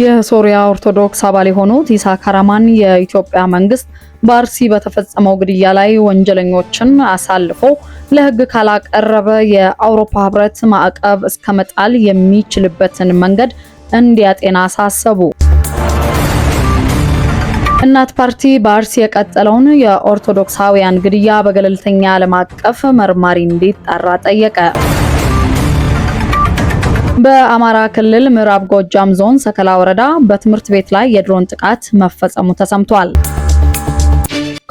የሶሪያ ኦርቶዶክስ አባል የሆኑት ኢሳ ካራማን የኢትዮጵያ መንግስት በአርሲ በተፈጸመው ግድያ ላይ ወንጀለኞችን አሳልፎ ለህግ ካላቀረበ የአውሮፓ ህብረት ማዕቀብ እስከ መጣል የሚችልበትን መንገድ እንዲያጤና አሳሰቡ። እናት ፓርቲ በአርሲ የቀጠለውን የኦርቶዶክሳውያን ግድያ በገለልተኛ ዓለም አቀፍ መርማሪ እንዲጣራ ጠየቀ። በአማራ ክልል ምዕራብ ጎጃም ዞን ሰከላ ወረዳ በትምህርት ቤት ላይ የድሮን ጥቃት መፈጸሙ ተሰምቷል።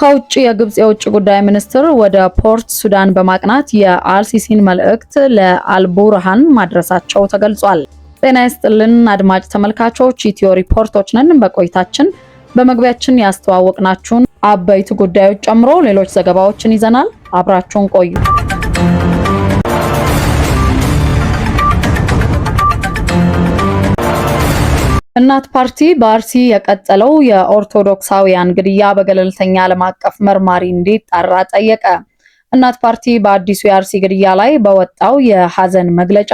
ከውጭ የግብጽ የውጭ ጉዳይ ሚኒስትር ወደ ፖርት ሱዳን በማቅናት የአልሲሲን መልእክት ለአልቡርሃን ማድረሳቸው ተገልጿል። ጤና ይስጥልን አድማጭ ተመልካቾች፣ ኢትዮ ሪፖርቶች ነን። በቆይታችን በመግቢያችን ያስተዋወቅናችሁን አበይት ጉዳዮች ጨምሮ ሌሎች ዘገባዎችን ይዘናል። አብራችሁን ቆዩ። እናት ፓርቲ በአርሲ የቀጠለው የኦርቶዶክሳውያን ግድያ በገለልተኛ ዓለም አቀፍ መርማሪ እንዲጣራ ጠየቀ። እናት ፓርቲ በአዲሱ የአርሲ ግድያ ላይ በወጣው የሐዘን መግለጫ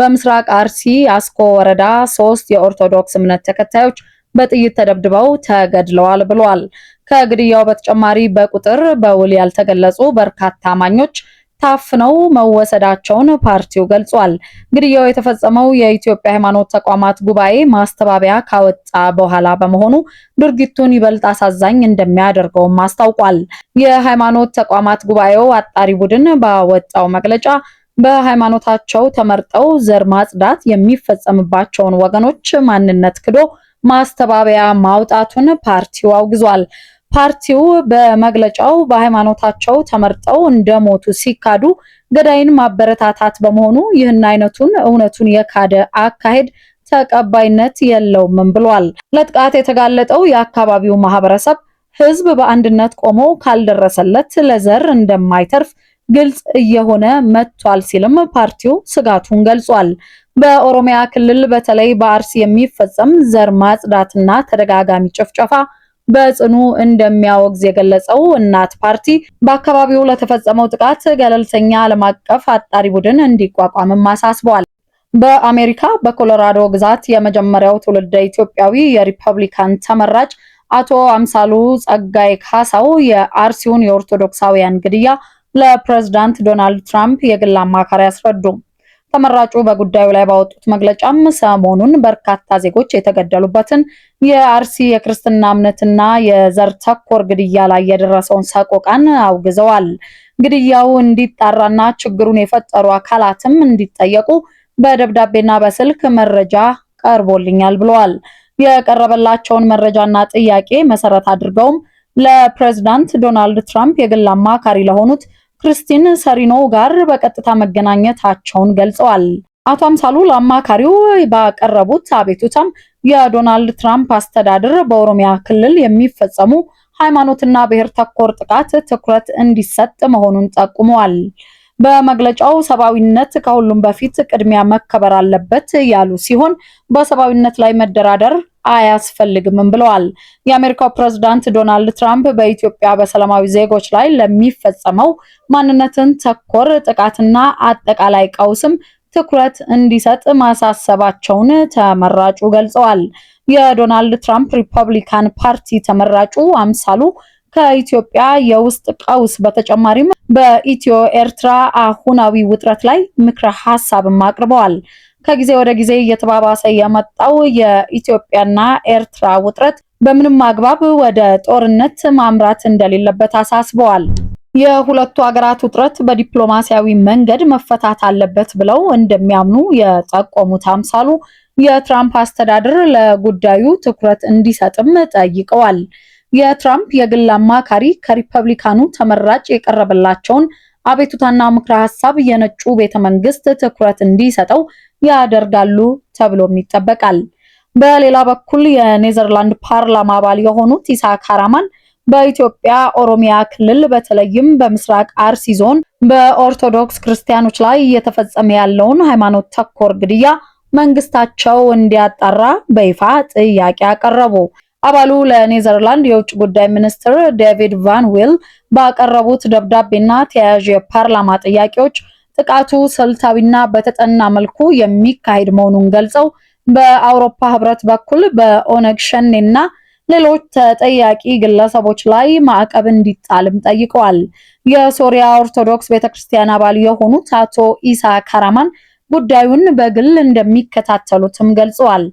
በምስራቅ አርሲ አስኮ ወረዳ ሶስት የኦርቶዶክስ እምነት ተከታዮች በጥይት ተደብድበው ተገድለዋል ብሏል። ከግድያው በተጨማሪ በቁጥር በውል ያልተገለጹ በርካታ አማኞች ታፍነው መወሰዳቸውን ፓርቲው ገልጿል። ግድያው የተፈጸመው የኢትዮጵያ ሃይማኖት ተቋማት ጉባኤ ማስተባበያ ካወጣ በኋላ በመሆኑ ድርጊቱን ይበልጥ አሳዛኝ እንደሚያደርገውም አስታውቋል። የሃይማኖት ተቋማት ጉባኤው አጣሪ ቡድን ባወጣው መግለጫ በሃይማኖታቸው ተመርጠው ዘር ማጽዳት የሚፈጸምባቸውን ወገኖች ማንነት ክዶ ማስተባበያ ማውጣቱን ፓርቲው አውግዟል። ፓርቲው በመግለጫው በሃይማኖታቸው ተመርጠው እንደሞቱ ሲካዱ ገዳይን ማበረታታት በመሆኑ ይህን አይነቱን እውነቱን የካደ አካሄድ ተቀባይነት የለውም ብሏል። ለጥቃት የተጋለጠው የአካባቢው ማህበረሰብ ህዝብ በአንድነት ቆሞ ካልደረሰለት ለዘር እንደማይተርፍ ግልጽ እየሆነ መጥቷል ሲልም ፓርቲው ስጋቱን ገልጿል። በኦሮሚያ ክልል በተለይ በአርሲ የሚፈጸም ዘር ማጽዳትና ተደጋጋሚ ጭፍጨፋ በጽኑ እንደሚያወግዝ የገለጸው እናት ፓርቲ በአካባቢው ለተፈጸመው ጥቃት ገለልተኛ ዓለም አቀፍ አጣሪ ቡድን እንዲቋቋምም አሳስበዋል። በአሜሪካ በኮሎራዶ ግዛት የመጀመሪያው ትውልደ ኢትዮጵያዊ የሪፐብሊካን ተመራጭ አቶ አምሳሉ ጸጋይ ካሳው የአርሲውን የኦርቶዶክሳውያን ግድያ ለፕሬዝዳንት ዶናልድ ትራምፕ የግል አማካሪ አስረዱም። ተመራጩ በጉዳዩ ላይ ባወጡት መግለጫም ሰሞኑን በርካታ ዜጎች የተገደሉበትን የአርሲ የክርስትና እምነትና የዘር ተኮር ግድያ ላይ የደረሰውን ሰቆቃን አውግዘዋል። ግድያው እንዲጣራና ችግሩን የፈጠሩ አካላትም እንዲጠየቁ በደብዳቤና በስልክ መረጃ ቀርቦልኛል ብለዋል። የቀረበላቸውን መረጃና ጥያቄ መሰረት አድርገውም ለፕሬዝዳንት ዶናልድ ትራምፕ የግል አማካሪ ለሆኑት ክርስቲን ሰሪኖ ጋር በቀጥታ መገናኘታቸውን ገልጸዋል። አቶ አምሳሉ ለአማካሪው ባቀረቡት አቤቱታም የዶናልድ ትራምፕ አስተዳደር በኦሮሚያ ክልል የሚፈጸሙ ሃይማኖትና ብሔር ተኮር ጥቃት ትኩረት እንዲሰጥ መሆኑን ጠቁመዋል። በመግለጫው ሰብአዊነት ከሁሉም በፊት ቅድሚያ መከበር አለበት ያሉ ሲሆን በሰብአዊነት ላይ መደራደር አያስፈልግምም ብለዋል። የአሜሪካው ፕሬዝዳንት ዶናልድ ትራምፕ በኢትዮጵያ በሰላማዊ ዜጎች ላይ ለሚፈጸመው ማንነትን ተኮር ጥቃትና አጠቃላይ ቀውስም ትኩረት እንዲሰጥ ማሳሰባቸውን ተመራጩ ገልጸዋል። የዶናልድ ትራምፕ ሪፐብሊካን ፓርቲ ተመራጩ አምሳሉ ከኢትዮጵያ የውስጥ ቀውስ በተጨማሪም በኢትዮ ኤርትራ አሁናዊ ውጥረት ላይ ምክረ ሀሳብም አቅርበዋል። ከጊዜ ወደ ጊዜ እየተባባሰ የመጣው የኢትዮጵያና ኤርትራ ውጥረት በምንም አግባብ ወደ ጦርነት ማምራት እንደሌለበት አሳስበዋል። የሁለቱ ሀገራት ውጥረት በዲፕሎማሲያዊ መንገድ መፈታት አለበት ብለው እንደሚያምኑ የጠቆሙት አምሳሉ የትራምፕ አስተዳደር ለጉዳዩ ትኩረት እንዲሰጥም ጠይቀዋል። የትራምፕ የግል አማካሪ ከሪፐብሊካኑ ተመራጭ የቀረበላቸውን አቤቱታና ምክረ ሀሳብ የነጩ ቤተ መንግስት ትኩረት እንዲሰጠው ያደርጋሉ ተብሎም ይጠበቃል። በሌላ በኩል የኔዘርላንድ ፓርላማ አባል የሆኑት ኢሳክ ሃራማን በኢትዮጵያ ኦሮሚያ ክልል በተለይም በምስራቅ አርሲ ዞን በኦርቶዶክስ ክርስቲያኖች ላይ እየተፈጸመ ያለውን ሃይማኖት ተኮር ግድያ መንግስታቸው እንዲያጣራ በይፋ ጥያቄ አቀረቡ። አባሉ ለኔዘርላንድ የውጭ ጉዳይ ሚኒስትር ዴቪድ ቫን ዊል ባቀረቡት ደብዳቤና ተያያዥ የፓርላማ ጥያቄዎች ጥቃቱ ስልታዊና በተጠና መልኩ የሚካሄድ መሆኑን ገልጸው በአውሮፓ ህብረት በኩል በኦነግ ሸኔና ሌሎች ተጠያቂ ግለሰቦች ላይ ማዕቀብ እንዲጣልም ጠይቀዋል። የሶሪያ ኦርቶዶክስ ቤተክርስቲያን አባል የሆኑት አቶ ኢሳ ካራማን ጉዳዩን በግል እንደሚከታተሉትም ገልጸዋል።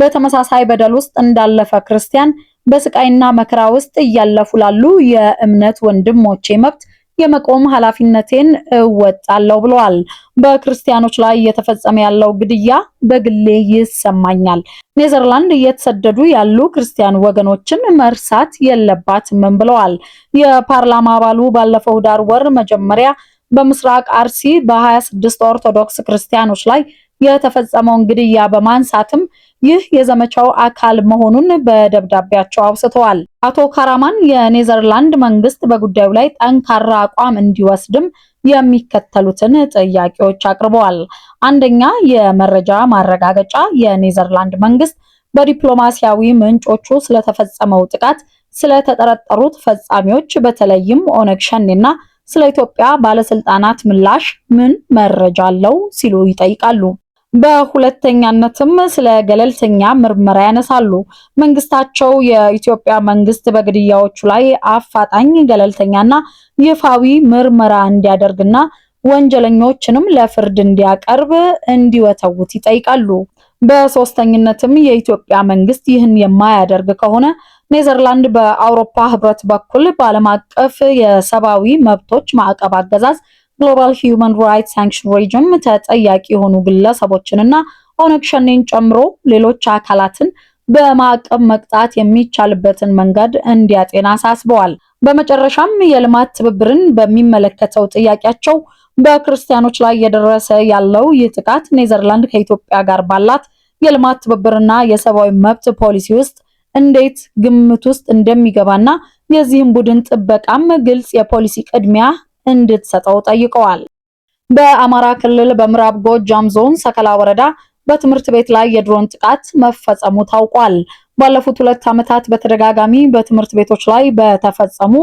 በተመሳሳይ በደል ውስጥ እንዳለፈ ክርስቲያን በስቃይና መከራ ውስጥ እያለፉ ላሉ የእምነት ወንድሞቼ መብት የመቆም ኃላፊነቴን እወጣለሁ ብለዋል። በክርስቲያኖች ላይ እየተፈጸመ ያለው ግድያ በግሌ ይሰማኛል። ኔዘርላንድ እየተሰደዱ ያሉ ክርስቲያን ወገኖችን መርሳት የለባትም ብለዋል። የፓርላማ አባሉ ባለፈው ዳር ወር መጀመሪያ በምስራቅ አርሲ በ26 ኦርቶዶክስ ክርስቲያኖች ላይ የተፈጸመውን ግድያ በማንሳትም ይህ የዘመቻው አካል መሆኑን በደብዳቤያቸው አውስተዋል። አቶ ካራማን የኔዘርላንድ መንግስት በጉዳዩ ላይ ጠንካራ አቋም እንዲወስድም የሚከተሉትን ጥያቄዎች አቅርበዋል። አንደኛ፣ የመረጃ ማረጋገጫ የኔዘርላንድ መንግስት በዲፕሎማሲያዊ ምንጮቹ ስለተፈጸመው ጥቃት፣ ስለተጠረጠሩት ፈጻሚዎች በተለይም ኦነግ ሸኔና ስለ ኢትዮጵያ ባለስልጣናት ምላሽ ምን መረጃ አለው ሲሉ ይጠይቃሉ። በሁለተኛነትም ስለ ገለልተኛ ምርመራ ያነሳሉ። መንግስታቸው የኢትዮጵያ መንግስት በግድያዎቹ ላይ አፋጣኝ ገለልተኛና ይፋዊ ምርመራ እንዲያደርግና ወንጀለኞችንም ለፍርድ እንዲያቀርብ እንዲወተውት ይጠይቃሉ። በሶስተኝነትም የኢትዮጵያ መንግስት ይህን የማያደርግ ከሆነ ኔዘርላንድ በአውሮፓ ህብረት በኩል በዓለም አቀፍ የሰብአዊ መብቶች ማዕቀብ አገዛዝ ግሎባል ሂውማን ራይትስ ሳንክሽን ሪጅም ተጠያቂ የሆኑ ግለሰቦችንና ኦነግ ሸኔን ጨምሮ ሌሎች አካላትን በማዕቀብ መቅጣት የሚቻልበትን መንገድ እንዲያጤና አሳስበዋል። በመጨረሻም የልማት ትብብርን በሚመለከተው ጥያቄያቸው በክርስቲያኖች ላይ እየደረሰ ያለው ይህ ጥቃት ኔዘርላንድ ከኢትዮጵያ ጋር ባላት የልማት ትብብርና የሰብአዊ መብት ፖሊሲ ውስጥ እንዴት ግምት ውስጥ እንደሚገባና የዚህም ቡድን ጥበቃም ግልጽ የፖሊሲ ቅድሚያ እንድትሰጠው ጠይቀዋል። በአማራ ክልል በምዕራብ ጎጃም ዞን ሰከላ ወረዳ በትምህርት ቤት ላይ የድሮን ጥቃት መፈጸሙ ታውቋል። ባለፉት ሁለት ዓመታት በተደጋጋሚ በትምህርት ቤቶች ላይ በተፈጸሙ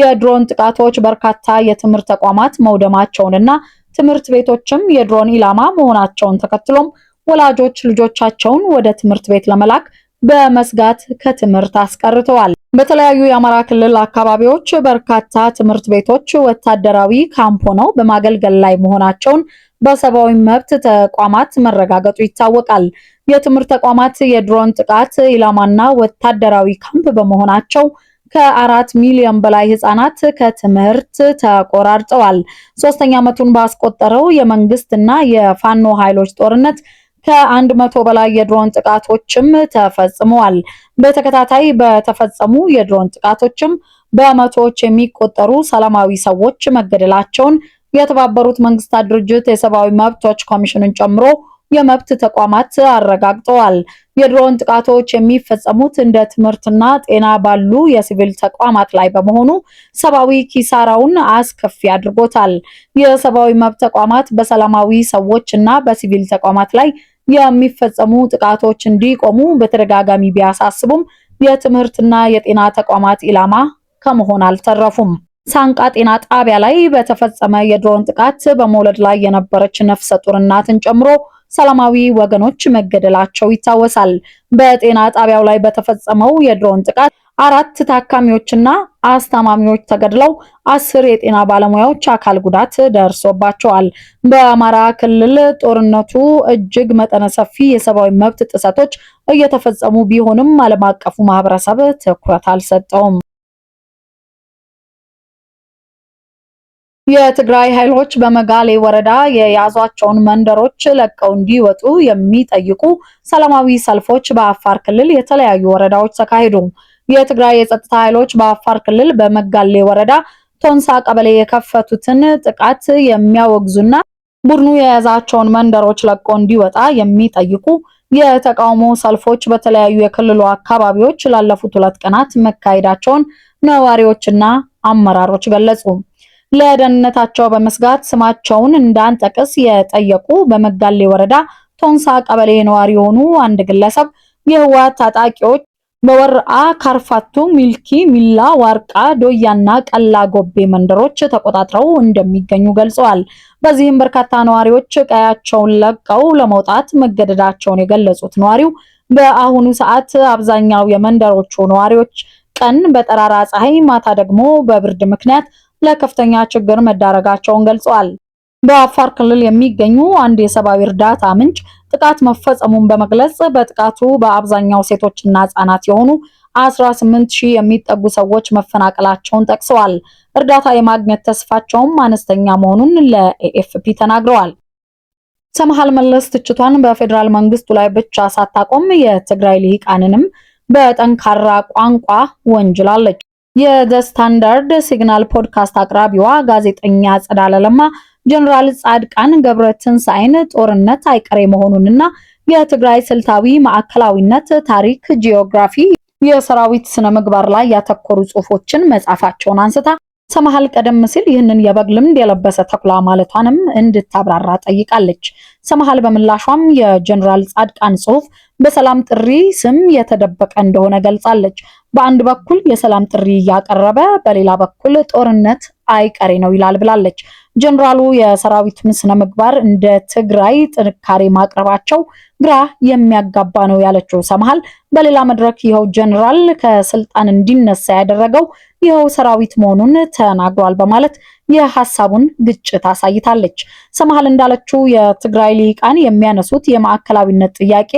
የድሮን ጥቃቶች በርካታ የትምህርት ተቋማት መውደማቸውንና ትምህርት ቤቶችም የድሮን ኢላማ መሆናቸውን ተከትሎም ወላጆች ልጆቻቸውን ወደ ትምህርት ቤት ለመላክ በመስጋት ከትምህርት አስቀርተዋል። በተለያዩ የአማራ ክልል አካባቢዎች በርካታ ትምህርት ቤቶች ወታደራዊ ካምፕ ሆነው በማገልገል ላይ መሆናቸውን በሰብአዊ መብት ተቋማት መረጋገጡ ይታወቃል። የትምህርት ተቋማት የድሮን ጥቃት ኢላማና ወታደራዊ ካምፕ በመሆናቸው ከአራት ሚሊዮን በላይ ህጻናት ከትምህርት ተቆራርጠዋል። ሶስተኛ ዓመቱን ባስቆጠረው የመንግስትና የፋኖ ኃይሎች ጦርነት ከአንድ መቶ በላይ የድሮን ጥቃቶችም ተፈጽመዋል። በተከታታይ በተፈጸሙ የድሮን ጥቃቶችም በመቶዎች የሚቆጠሩ ሰላማዊ ሰዎች መገደላቸውን የተባበሩት መንግስታት ድርጅት የሰብአዊ መብቶች ኮሚሽንን ጨምሮ የመብት ተቋማት አረጋግጠዋል። የድሮን ጥቃቶች የሚፈጸሙት እንደ ትምህርትና ጤና ባሉ የሲቪል ተቋማት ላይ በመሆኑ ሰብአዊ ኪሳራውን አስከፊ አድርጎታል። የሰብአዊ መብት ተቋማት በሰላማዊ ሰዎች እና በሲቪል ተቋማት ላይ የሚፈጸሙ ጥቃቶች እንዲቆሙ በተደጋጋሚ ቢያሳስቡም የትምህርትና የጤና ተቋማት ኢላማ ከመሆን አልተረፉም። ሳንቃ ጤና ጣቢያ ላይ በተፈጸመ የድሮን ጥቃት በመውለድ ላይ የነበረች ነፍሰ ጡር እናትን ጨምሮ ሰላማዊ ወገኖች መገደላቸው ይታወሳል። በጤና ጣቢያው ላይ በተፈጸመው የድሮን ጥቃት አራት ታካሚዎችና አስታማሚዎች ተገድለው አስር የጤና ባለሙያዎች አካል ጉዳት ደርሶባቸዋል። በአማራ ክልል ጦርነቱ እጅግ መጠነ ሰፊ የሰብአዊ መብት ጥሰቶች እየተፈጸሙ ቢሆንም ዓለም አቀፉ ማህበረሰብ ትኩረት አልሰጠውም። የትግራይ ኃይሎች በመጋሌ ወረዳ የያዟቸውን መንደሮች ለቀው እንዲወጡ የሚጠይቁ ሰላማዊ ሰልፎች በአፋር ክልል የተለያዩ ወረዳዎች ተካሂዱ። የትግራይ የጸጥታ ኃይሎች በአፋር ክልል በመጋሌ ወረዳ ቶንሳ ቀበሌ የከፈቱትን ጥቃት የሚያወግዙና ቡድኑ የያዛቸውን መንደሮች ለቆ እንዲወጣ የሚጠይቁ የተቃውሞ ሰልፎች በተለያዩ የክልሉ አካባቢዎች ላለፉት ሁለት ቀናት መካሄዳቸውን ነዋሪዎችና አመራሮች ገለጹ። ለደህንነታቸው በመስጋት ስማቸውን እንዳንጠቅስ የጠየቁ በመጋሌ ወረዳ ቶንሳ ቀበሌ ነዋሪ የሆኑ አንድ ግለሰብ የህወሓት ታጣቂዎች በወርአ ካርፋቱ፣ ሚልኪ ሚላ፣ ዋርቃ፣ ዶያና ቀላ ጎቤ መንደሮች ተቆጣጥረው እንደሚገኙ ገልጸዋል። በዚህም በርካታ ነዋሪዎች ቀያቸውን ለቀው ለመውጣት መገደዳቸውን የገለጹት ነዋሪው በአሁኑ ሰዓት አብዛኛው የመንደሮቹ ነዋሪዎች ቀን በጠራራ ፀሐይ፣ ማታ ደግሞ በብርድ ምክንያት ለከፍተኛ ችግር መዳረጋቸውን ገልጸዋል። በአፋር ክልል የሚገኙ አንድ የሰብአዊ እርዳታ ምንጭ ጥቃት መፈጸሙን በመግለጽ በጥቃቱ በአብዛኛው ሴቶችና ህጻናት የሆኑ 18 ሺህ የሚጠጉ ሰዎች መፈናቀላቸውን ጠቅሰዋል። እርዳታ የማግኘት ተስፋቸውም አነስተኛ መሆኑን ለኤኤፍፒ ተናግረዋል። ሰምሃል መለስ ትችቷን በፌዴራል መንግስቱ ላይ ብቻ ሳታቆም የትግራይ ልሂቃንንም በጠንካራ ቋንቋ ወንጅላለች። የዘ ስታንዳርድ ሲግናል ፖድካስት አቅራቢዋ ጋዜጠኛ ጸዳለለማ ለማ ጀነራል ጻድቃን ገብረ ትንሳኤን ጦርነት አይቀሬ መሆኑንና የትግራይ ስልታዊ ማዕከላዊነት ታሪክ፣ ጂኦግራፊ፣ የሰራዊት ስነ ምግባር ላይ ያተኮሩ ጽሁፎችን መጻፋቸውን አንስታ ሰማሃል ቀደም ሲል ይህንን የበግ ልምድ የለበሰ ተኩላ ማለቷንም እንድታብራራ ጠይቃለች። ሰማሃል በምላሿም የጀነራል ጻድቃን ጽሁፍ በሰላም ጥሪ ስም የተደበቀ እንደሆነ ገልጻለች። በአንድ በኩል የሰላም ጥሪ እያቀረበ፣ በሌላ በኩል ጦርነት አይቀሬ ነው ይላል ብላለች። ጀኔራሉ የሰራዊቱን ስነ ምግባር እንደ ትግራይ ጥንካሬ ማቅረባቸው ግራ የሚያጋባ ነው ያለችው ሰመሃል በሌላ መድረክ ይኸው ጀኔራል ከስልጣን እንዲነሳ ያደረገው ይኸው ሰራዊት መሆኑን ተናግሯል በማለት የሀሳቡን ግጭት አሳይታለች። ሰምሃል እንዳለችው የትግራይ ሊቃን የሚያነሱት የማዕከላዊነት ጥያቄ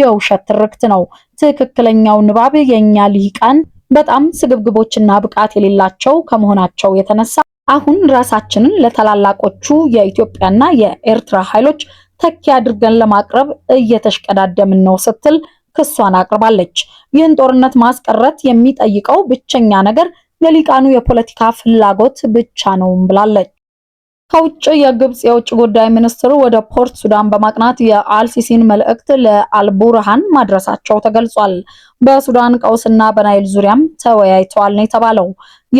የውሸት ትርክት ነው። ትክክለኛው ንባብ የእኛ ሊቃን በጣም ስግብግቦችና ብቃት የሌላቸው ከመሆናቸው የተነሳ አሁን ራሳችንን ለታላላቆቹ የኢትዮጵያና የኤርትራ ኃይሎች ተኪ አድርገን ለማቅረብ እየተሽቀዳደምን ነው ስትል ክሷን አቅርባለች። ይህን ጦርነት ማስቀረት የሚጠይቀው ብቸኛ ነገር የሊቃኑ የፖለቲካ ፍላጎት ብቻ ነውም ብላለች። ከውጭ የግብጽ የውጭ ጉዳይ ሚኒስትር ወደ ፖርት ሱዳን በማቅናት የአልሲሲን መልእክት ለአልቡርሃን ማድረሳቸው ተገልጿል። በሱዳን ቀውስና በናይል ዙሪያም ተወያይተዋል ነው የተባለው።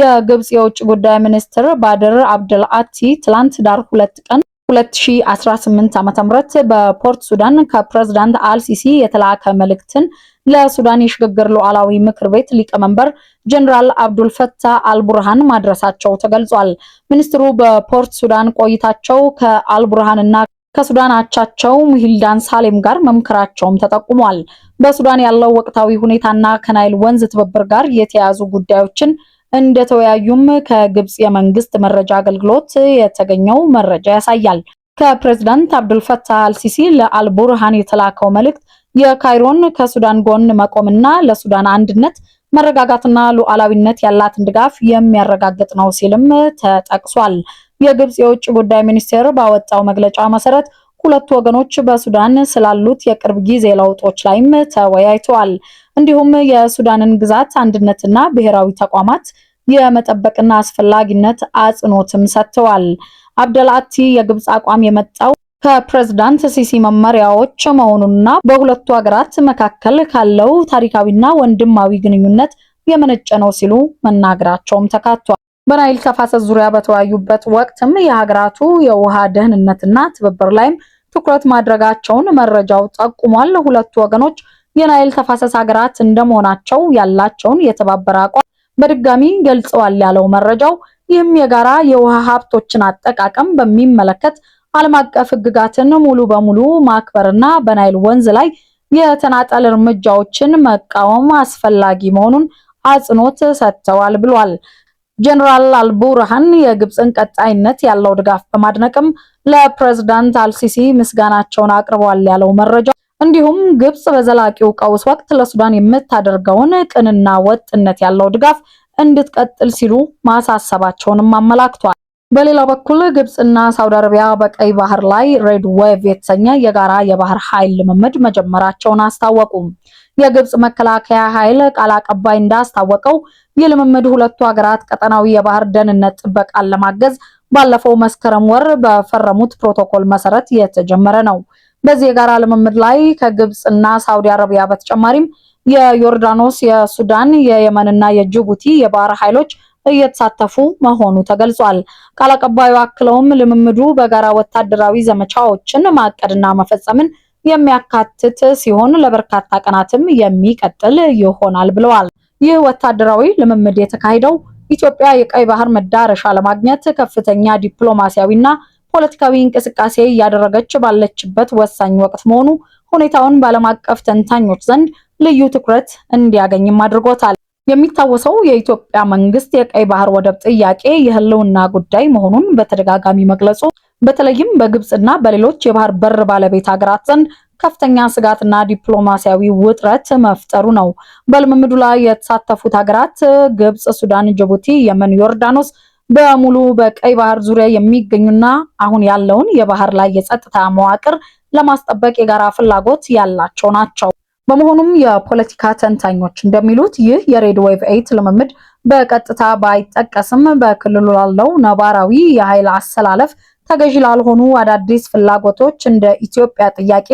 የግብጽ የውጭ ጉዳይ ሚኒስትር ባድር አብደልአቲ ትላንት ዳር ሁለት ቀን 2018 ዓ.ም በፖርት ሱዳን ከፕሬዝዳንት አልሲሲ የተላከ መልእክትን ለሱዳን የሽግግር ሉዓላዊ ምክር ቤት ሊቀመንበር ጀነራል አብዱልፈታህ አልቡርሃን ማድረሳቸው ተገልጿል። ሚኒስትሩ በፖርት ሱዳን ቆይታቸው ከአልቡርሃን እና ከሱዳን አቻቸው ሙሂልዳን ሳሌም ጋር መምከራቸውም ተጠቁሟል። በሱዳን ያለው ወቅታዊ ሁኔታና ከናይል ወንዝ ትብብር ጋር የተያያዙ ጉዳዮችን እንደተወያዩም ከግብጽ የመንግስት መረጃ አገልግሎት የተገኘው መረጃ ያሳያል። ከፕሬዝዳንት አብዱልፈታህ አልሲሲ ለአልቡርሃን የተላከው መልእክት የካይሮን ከሱዳን ጎን መቆምና ለሱዳን አንድነት መረጋጋትና ሉዓላዊነት ያላትን ድጋፍ የሚያረጋግጥ ነው ሲልም ተጠቅሷል። የግብጽ የውጭ ጉዳይ ሚኒስቴር ባወጣው መግለጫ መሰረት ሁለቱ ወገኖች በሱዳን ስላሉት የቅርብ ጊዜ ለውጦች ላይም ተወያይተዋል። እንዲሁም የሱዳንን ግዛት አንድነትና ብሔራዊ ተቋማት የመጠበቅና አስፈላጊነት አጽንኦትም ሰጥተዋል። አብደልአቲ የግብፅ አቋም የመጣው ከፕሬዝዳንት ሲሲ መመሪያዎች መሆኑና በሁለቱ ሀገራት መካከል ካለው ታሪካዊና ወንድማዊ ግንኙነት የመነጨ ነው ሲሉ መናገራቸውም ተካቷል። በናይል ተፋሰስ ዙሪያ በተወያዩበት ወቅትም የሀገራቱ የውሃ ደህንነትና ትብብር ላይም ትኩረት ማድረጋቸውን መረጃው ጠቁሟል። ሁለቱ ወገኖች የናይል ተፋሰስ ሀገራት እንደመሆናቸው ያላቸውን የተባበረ አቋም በድጋሚ ገልጸዋል ያለው መረጃው ይህም የጋራ የውሃ ሀብቶችን አጠቃቀም በሚመለከት ዓለም አቀፍ ህግጋትን ሙሉ በሙሉ ማክበርና በናይል ወንዝ ላይ የተናጠል እርምጃዎችን መቃወም አስፈላጊ መሆኑን አጽንኦት ሰጥተዋል ብሏል። ጀኔራል አልቡርሃን የግብፅን ቀጣይነት ያለው ድጋፍ በማድነቅም ለፕሬዝዳንት አልሲሲ ምስጋናቸውን አቅርበዋል ያለው መረጃ እንዲሁም ግብፅ በዘላቂው ቀውስ ወቅት ለሱዳን የምታደርገውን ቅንና ወጥነት ያለው ድጋፍ እንድትቀጥል ሲሉ ማሳሰባቸውንም አመላክቷል። በሌላ በኩል ግብጽና ሳውዲ አረቢያ በቀይ ባህር ላይ ሬድ ዌቭ የተሰኘ የጋራ የባህር ኃይል ልምምድ መጀመራቸውን አስታወቁ። የግብጽ መከላከያ ኃይል ቃል አቀባይ እንዳስታወቀው ይህ ልምምድ ሁለቱ ሀገራት ቀጠናዊ የባህር ደህንነት ጥበቃን ለማገዝ ባለፈው መስከረም ወር በፈረሙት ፕሮቶኮል መሰረት የተጀመረ ነው። በዚህ የጋራ ልምምድ ላይ እና ሳውዲ አረቢያ በተጨማሪም የዮርዳኖስ፣ የሱዳን፣ የየመንና የጅቡቲ የባህር ኃይሎች እየተሳተፉ መሆኑ ተገልጿል። ቃል አቀባዩ አክለውም ልምምዱ በጋራ ወታደራዊ ዘመቻዎችን ማቀድና መፈጸምን የሚያካትት ሲሆን ለበርካታ ቀናትም የሚቀጥል ይሆናል ብለዋል። ይህ ወታደራዊ ልምምድ የተካሄደው ኢትዮጵያ የቀይ ባህር መዳረሻ ለማግኘት ከፍተኛ ዲፕሎማሲያዊና ፖለቲካዊ እንቅስቃሴ እያደረገች ባለችበት ወሳኝ ወቅት መሆኑ ሁኔታውን በዓለም አቀፍ ተንታኞች ዘንድ ልዩ ትኩረት እንዲያገኝም አድርጎታል። የሚታወሰው የኢትዮጵያ መንግስት የቀይ ባህር ወደብ ጥያቄ የህልውና ጉዳይ መሆኑን በተደጋጋሚ መግለጹ በተለይም በግብፅና በሌሎች የባህር በር ባለቤት ሀገራት ዘንድ ከፍተኛ ስጋትና ዲፕሎማሲያዊ ውጥረት መፍጠሩ ነው። በልምምዱ ላይ የተሳተፉት ሀገራት ግብፅ፣ ሱዳን፣ ጅቡቲ፣ የመን፣ ዮርዳኖስ በሙሉ በቀይ ባህር ዙሪያ የሚገኙና አሁን ያለውን የባህር ላይ የጸጥታ መዋቅር ለማስጠበቅ የጋራ ፍላጎት ያላቸው ናቸው። በመሆኑም የፖለቲካ ተንታኞች እንደሚሉት ይህ የሬድ ዌቭ ኤይት ልምምድ በቀጥታ ባይጠቀስም በክልሉ ላለው ነባራዊ የኃይል አሰላለፍ ተገዢ ላልሆኑ አዳዲስ ፍላጎቶች እንደ ኢትዮጵያ ጥያቄ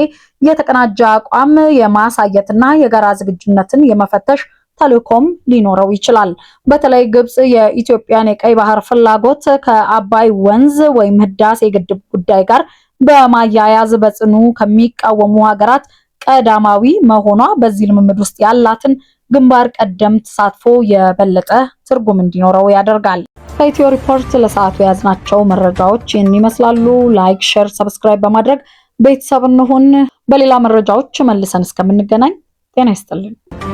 የተቀናጀ አቋም የማሳየትና የጋራ ዝግጁነትን የመፈተሽ ተልኮም ሊኖረው ይችላል። በተለይ ግብጽ የኢትዮጵያን የቀይ ባህር ፍላጎት ከአባይ ወንዝ ወይም ህዳሴ ግድብ ጉዳይ ጋር በማያያዝ በጽኑ ከሚቃወሙ ሀገራት ቀዳማዊ መሆኗ በዚህ ልምምድ ውስጥ ያላትን ግንባር ቀደም ተሳትፎ የበለጠ ትርጉም እንዲኖረው ያደርጋል። ከኢትዮ ሪፖርት ለሰዓቱ የያዝናቸው መረጃዎች ይህን ይመስላሉ። ላይክ፣ ሼር፣ ሰብስክራይብ በማድረግ ቤተሰብ እንሁን። በሌላ መረጃዎች መልሰን እስከምንገናኝ ጤና ይስጥልን።